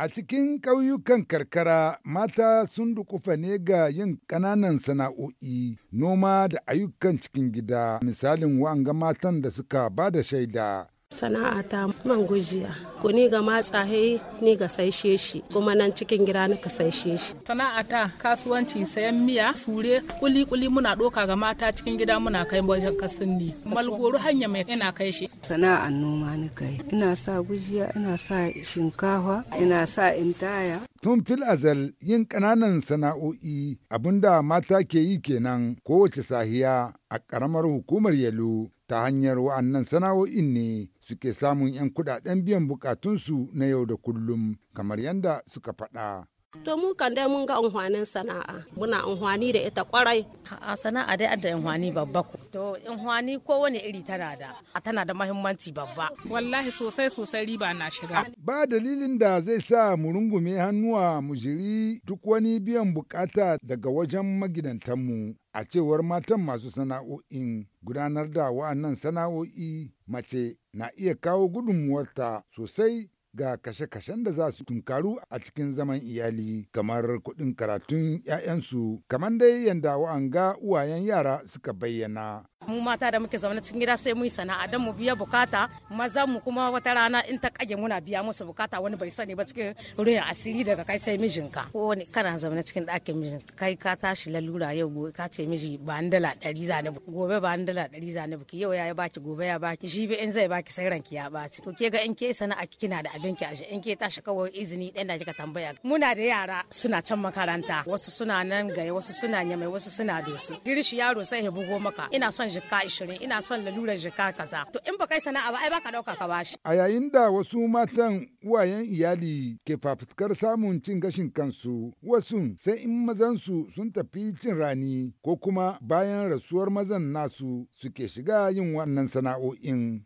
A cikin ƙauyukan karkara mata sun dukufa ne ga yin ƙananan sana'o'i, noma da ayyukan cikin gida, misalin wa'anga matan da suka ba da shaida. sana'ata man gujiya ko ni ga matsa hai ni ga saishe shi kuma nan cikin gida ni ka saishe shi sana'ata kasuwanci sayan miya sure kuli kuli muna doka ga mata cikin gida muna kai wajen kasinni malgoro hanya mai ina kai shi sana'an noma ni kai ina sa gujiya ina sa shinkafa ina sa intaya tun fil azal yin kananan sana'o'i abinda mata ke yi kenan kowace sahiya a karamar hukumar yalo ta hanyar wa'annan sana'o'in ne suke samun 'yan kuɗaɗen biyan bukatunsu na yau da kullum kamar yadda suka faɗa. To mu kan dai mun ga unhwanin sana'a muna unhwani da ita kwarai. A sana'a dai adda unhwani babba ko. To unhwani ko wani iri tana da a tana da mahimmanci babba. Wallahi sosai sosai riba na shiga. Ba dalilin da zai sa mu rungume hannuwa mu jiri duk wani biyan bukata daga wajen magidantan mu A cewar matan masu sana'o'in gudanar da wa'annan sana'o'i mace na iya kawo gudunmuwarta sosai ga kashe-kashen da za su tunkaru a cikin zaman iyali kamar kuɗin karatun 'ya'yansu kamar dai yadda wa'anga uwayen yara suka bayyana. mu mata da muke zaune cikin gida sai mu yi sana'a dan mu biya bukata maza mu kuma wata rana in ta kage muna biya musu bukata wani bai sani ba cikin ruhin asiri daga kai sai mijinka ko kana zaune cikin ɗakin mijin kai ka tashi lalura yau gobe ka ce miji ba an dala ɗari zane gobe ba an dala ɗari zane ki yau ya baki gobe ya baki shi bi in zai baki sai ranki ya baci to ke ga in ke sana'a kina da abinki a in ke tashi kawai izini ɗan da kika tambaya muna da yara suna can makaranta wasu suna nan gaya wasu suna nyamai wasu suna dosu girshi yaro sai ya bugo maka ina son jika 20 ina son lalurar jika kaza to in ba kai sana'a ba ai baka dauka ka bashi a yayin da wasu matan uwayen iyali ke fafutukar samun cin gashin kansu wasu sai in mazan su sun tafi cin rani ko kuma bayan rasuwar mazan nasu suke shiga yin wannan sana'o'in